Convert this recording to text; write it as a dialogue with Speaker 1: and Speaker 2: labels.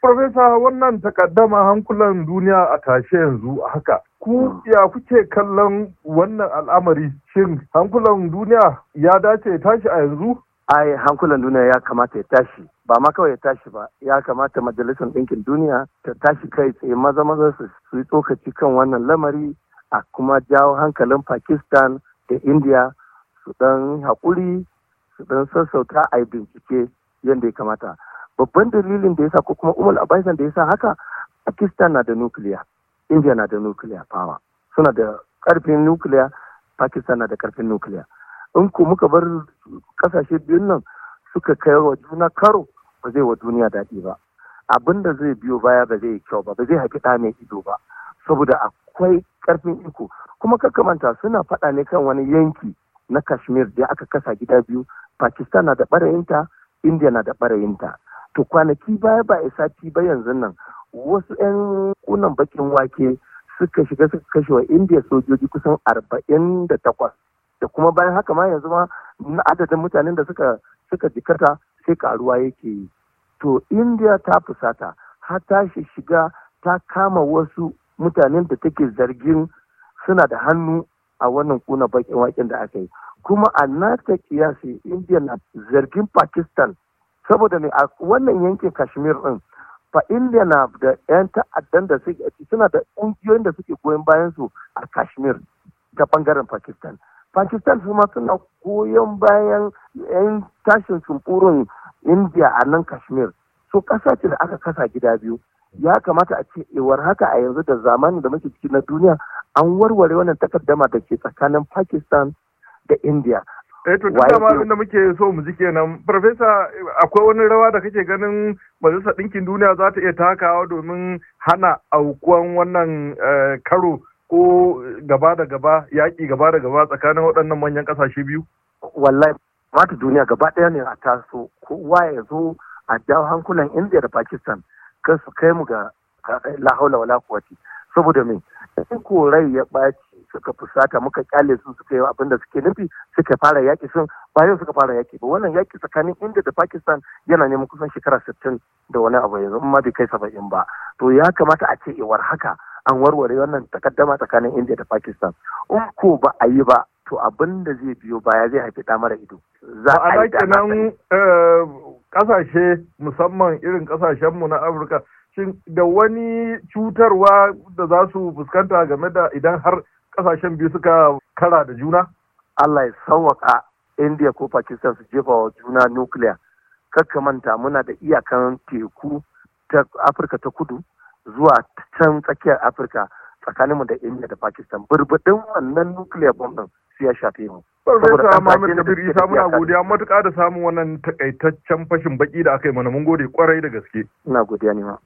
Speaker 1: Profesa wannan takaddama hankulan duniya a tashe yanzu haka. Ku ya kuke kallon wannan al'amari shin hankulan duniya ya dace ya tashi a yanzu?
Speaker 2: Ai hankulan duniya ya kamata ya tashi ba ma kawai ya tashi ba ya kamata majalisar ɗinkin duniya ta tashi kai tsaye maza maza su yi tsokaci kan wannan lamari a kuma jawo hankalin Pakistan da India su ɗan haƙuri su ɗan sassauta a bincike yadda ya kamata. babban dalilin da yasa ko kuma umar abaisan da yasa haka pakistan na da nukiliya india na da nukiliya power suna da karfin nukiliya pakistan na da karfin nukiliya in ku muka bar kasashe biyun nan suka kai wa juna karo ba zai wa duniya daɗi ba abin da zai biyo baya ba zai yi kyau ba ba zai haifi ɗa mai ido ba saboda akwai karfin iko kuma kakamanta suna faɗa ne kan wani yanki na kashmir da aka kasa gida biyu pakistan na da ɓarayinta india na da ɓarayinta to kwanaki baya ba isa sati ba yanzu nan wasu 'yan kunan bakin wake suka shiga suka kashe wa indiya sojoji kusan arba'in da takwas da kuma bayan haka ma yanzu ma na adadin mutanen da suka suka jikata sai karuwa yake yi to indiya ta fusata har ta shiga ta kama wasu mutanen da take zargin suna da hannu a wannan kuna bakin waken da aka yi kuma a nata kiyasi indiya na zargin pakistan saboda ne a wannan yankin kashmir ɗin, fa india na da yan ta'addan da suna da ƙungiyoyin da suke goyon bayan su a kashmir ta bangaren pakistan pakistan su ma suna goyon bayan yan tashin sumburin india a nan kashmir so ƙasa ce da aka kasa gida biyu ya kamata a ce ewar eh, haka a yanzu da zamanin da muke ciki na duniya an warware wannan takaddama da ke tsakanin pakistan da india
Speaker 1: eh to duk dama abinda muke so mu ji kenan farfesa akwai wani rawa da kake ganin majalisar ɗinkin duniya za ta iya takawa domin hana aukuwan wannan eh, karo ko gaba da gaba yaƙi gaba da gaba tsakanin waɗannan manyan ƙasashe biyu wallahi
Speaker 2: mata duniya gaba ɗaya ne a taso kowa ya zo a jawo hankulan india da pakistan ka su kai mu ga eh, la wala quwwati saboda me in korai ya ɓaci suka fusata muka kyale su suka yi abin da suke nufi suka fara yaki sun bayan suka fara yaki ba wannan yaki tsakanin inda da pakistan yana neman kusan shekara sittin da wani abu yanzu ma bai kai saba'in ba to ya kamata a ce iwar eh, haka an warware wannan takaddama tsakanin india da pakistan in ko ba a yi ba to abinda zai biyo baya zai haifi ɗa mara ido. Za a yi
Speaker 1: nan kasashe eh, musamman irin kasashen mu na Afirka da wani cutarwa da za su fuskanta game da idan har kasashen biyu suka kara da juna Allah ya sauwaka India ko Pakistan
Speaker 2: su jefa wa juna nuclear kakka manta muna da iyakan teku ta Afirka ta kudu zuwa can tsakiyar Afirka tsakaninmu da India da Pakistan burbudin wannan nuclear bomb su ya shafe mu Farfesa Muhammad Kabir Isa muna godiya
Speaker 1: matuƙa da samun wannan takaitaccen fashin baki da aka yi mana mun gode kwarai da gaske. Ina godiya ne ma.